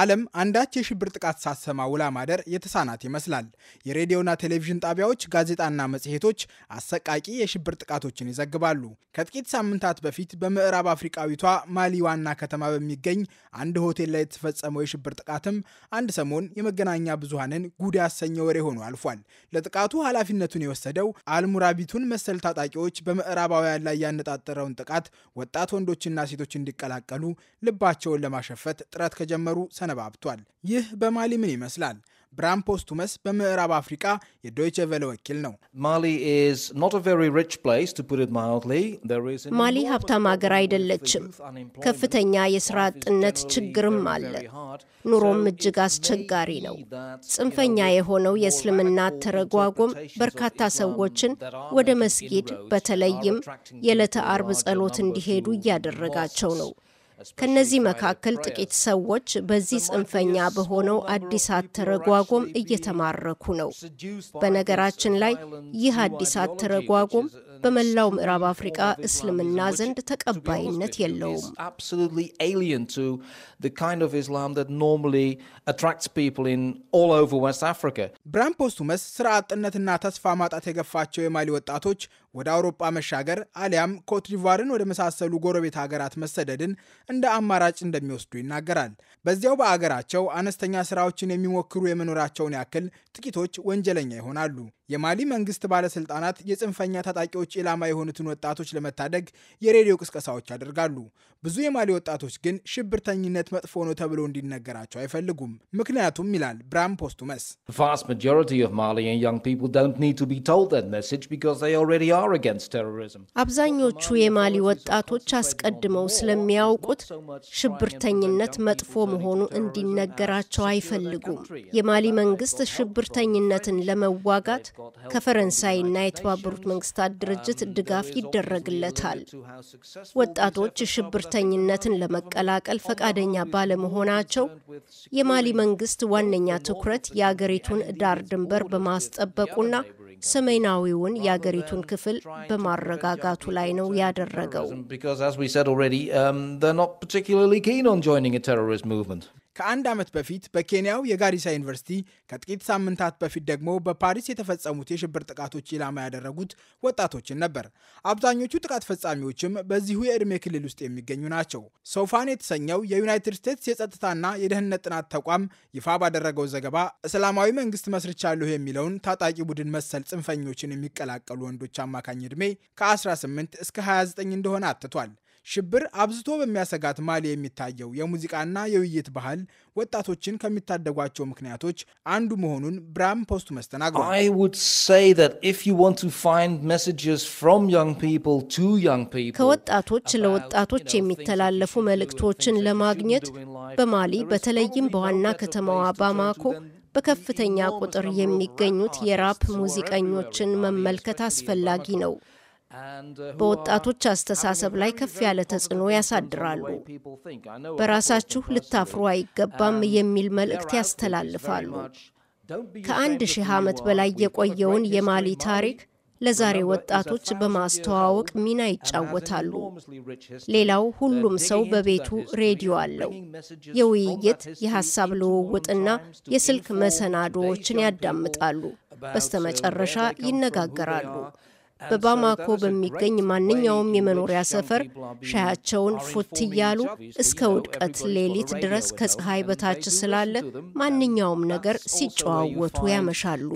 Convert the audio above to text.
ዓለም አንዳች የሽብር ጥቃት ሳሰማ ውላ ማደር የተሳናት ይመስላል። የሬዲዮና ቴሌቪዥን ጣቢያዎች፣ ጋዜጣና መጽሔቶች አሰቃቂ የሽብር ጥቃቶችን ይዘግባሉ። ከጥቂት ሳምንታት በፊት በምዕራብ አፍሪቃዊቷ ማሊ ዋና ከተማ በሚገኝ አንድ ሆቴል ላይ የተፈጸመው የሽብር ጥቃትም አንድ ሰሞን የመገናኛ ብዙሃንን ጉድ ያሰኘ ወሬ ሆኖ አልፏል። ለጥቃቱ ኃላፊነቱን የወሰደው አልሙራቢቱን መሰል ታጣቂዎች በምዕራባውያን ላይ ያነጣጠረውን ጥቃት ወጣት ወንዶችና ሴቶች እንዲቀላቀሉ ልባቸውን ለማሸፈት ጥረት ከጀመሩ ሰነባብቷል። ይህ በማሊ ምን ይመስላል? ብራም ፖስቱመስ በምዕራብ አፍሪቃ የዶይቸ ቬለ ወኪል ነው። ማሊ ሀብታም ሀገር አይደለችም። ከፍተኛ የስራ አጥነት ችግርም አለ። ኑሮም እጅግ አስቸጋሪ ነው። ጽንፈኛ የሆነው የእስልምና ተረጓጎም በርካታ ሰዎችን ወደ መስጊድ በተለይም የዕለተ አርብ ጸሎት እንዲሄዱ እያደረጋቸው ነው። ከነዚህ መካከል ጥቂት ሰዎች በዚህ ጽንፈኛ በሆነው አዲስ አተረጓጎም እየተማረኩ ነው። በነገራችን ላይ ይህ አዲስ አተረጓጎም በመላው ምዕራብ አፍሪቃ እስልምና ዘንድ ተቀባይነት የለውም። ብራን ፖስቱመስ ስራ አጥነትና ተስፋ ማጣት የገፋቸው የማሊ ወጣቶች ወደ አውሮጳ መሻገር አሊያም ኮትዲቫርን ወደ መሳሰሉ ጎረቤት ሀገራት መሰደድን እንደ አማራጭ እንደሚወስዱ ይናገራል። በዚያው በአገራቸው አነስተኛ ስራዎችን የሚሞክሩ የመኖራቸውን ያክል ጥቂቶች ወንጀለኛ ይሆናሉ። የማሊ መንግስት ባለስልጣናት የጽንፈኛ ታጣቂዎች ጥቃቶች ኢላማ የሆኑትን ወጣቶች ለመታደግ የሬዲዮ ቅስቀሳዎች ያደርጋሉ። ብዙ የማሊ ወጣቶች ግን ሽብርተኝነት መጥፎ ነው ተብሎ እንዲነገራቸው አይፈልጉም። ምክንያቱም ይላል ብራም ፖስቱመስ፣ አብዛኞቹ የማሊ ወጣቶች አስቀድመው ስለሚያውቁት ሽብርተኝነት መጥፎ መሆኑ እንዲነገራቸው አይፈልጉም። የማሊ መንግስት ሽብርተኝነትን ለመዋጋት ከፈረንሳይና የተባበሩት መንግስታት ድርጅት ድርጅት um, ድጋፍ ይደረግለታል። ወጣቶች ሽብርተኝነትን ለመቀላቀል ፈቃደኛ ባለመሆናቸው የማሊ መንግስት ዋነኛ ትኩረት የአገሪቱን ዳር ድንበር በማስጠበቁና ሰሜናዊውን የአገሪቱን ክፍል በማረጋጋቱ ላይ ነው ያደረገው። ከአንድ ዓመት በፊት በኬንያው የጋሪሳ ዩኒቨርሲቲ ከጥቂት ሳምንታት በፊት ደግሞ በፓሪስ የተፈጸሙት የሽብር ጥቃቶች ኢላማ ያደረጉት ወጣቶችን ነበር። አብዛኞቹ ጥቃት ፈጻሚዎችም በዚሁ የዕድሜ ክልል ውስጥ የሚገኙ ናቸው። ሶፋን የተሰኘው የዩናይትድ ስቴትስ የጸጥታና የደህንነት ጥናት ተቋም ይፋ ባደረገው ዘገባ እስላማዊ መንግስት መስርቻለሁ የሚለውን ታጣቂ ቡድን መሰል ጽንፈኞችን የሚቀላቀሉ ወንዶች አማካኝ ዕድሜ ከ18 እስከ 29 እንደሆነ አትቷል። ሽብር አብዝቶ በሚያሰጋት ማሊ የሚታየው የሙዚቃና የውይይት ባህል ወጣቶችን ከሚታደጓቸው ምክንያቶች አንዱ መሆኑን ብራም ፖስቱ መስተናግሯል። ከወጣቶች ለወጣቶች የሚተላለፉ መልእክቶችን ለማግኘት በማሊ በተለይም በዋና ከተማዋ ባማኮ በከፍተኛ ቁጥር የሚገኙት የራፕ ሙዚቀኞችን መመልከት አስፈላጊ ነው። Uh, በወጣቶች አስተሳሰብ ላይ ከፍ ያለ ተጽዕኖ ያሳድራሉ። በራሳችሁ ልታፍሩ አይገባም የሚል መልእክት ያስተላልፋሉ። ከአንድ ሺህ ዓመት በላይ የቆየውን የማሊ ታሪክ ለዛሬ ወጣቶች በማስተዋወቅ ሚና ይጫወታሉ። ሌላው ሁሉም ሰው በቤቱ ሬዲዮ አለው። የውይይት የሀሳብ ልውውጥና የስልክ መሰናዶዎችን ያዳምጣሉ። uh, በስተመጨረሻ ይነጋገራሉ። በባማኮ በሚገኝ ማንኛውም የመኖሪያ ሰፈር ሻያቸውን ፉት እያሉ እስከ ውድቀት ሌሊት ድረስ ከፀሐይ በታች ስላለ ማንኛውም ነገር ሲጨዋወቱ ያመሻሉ።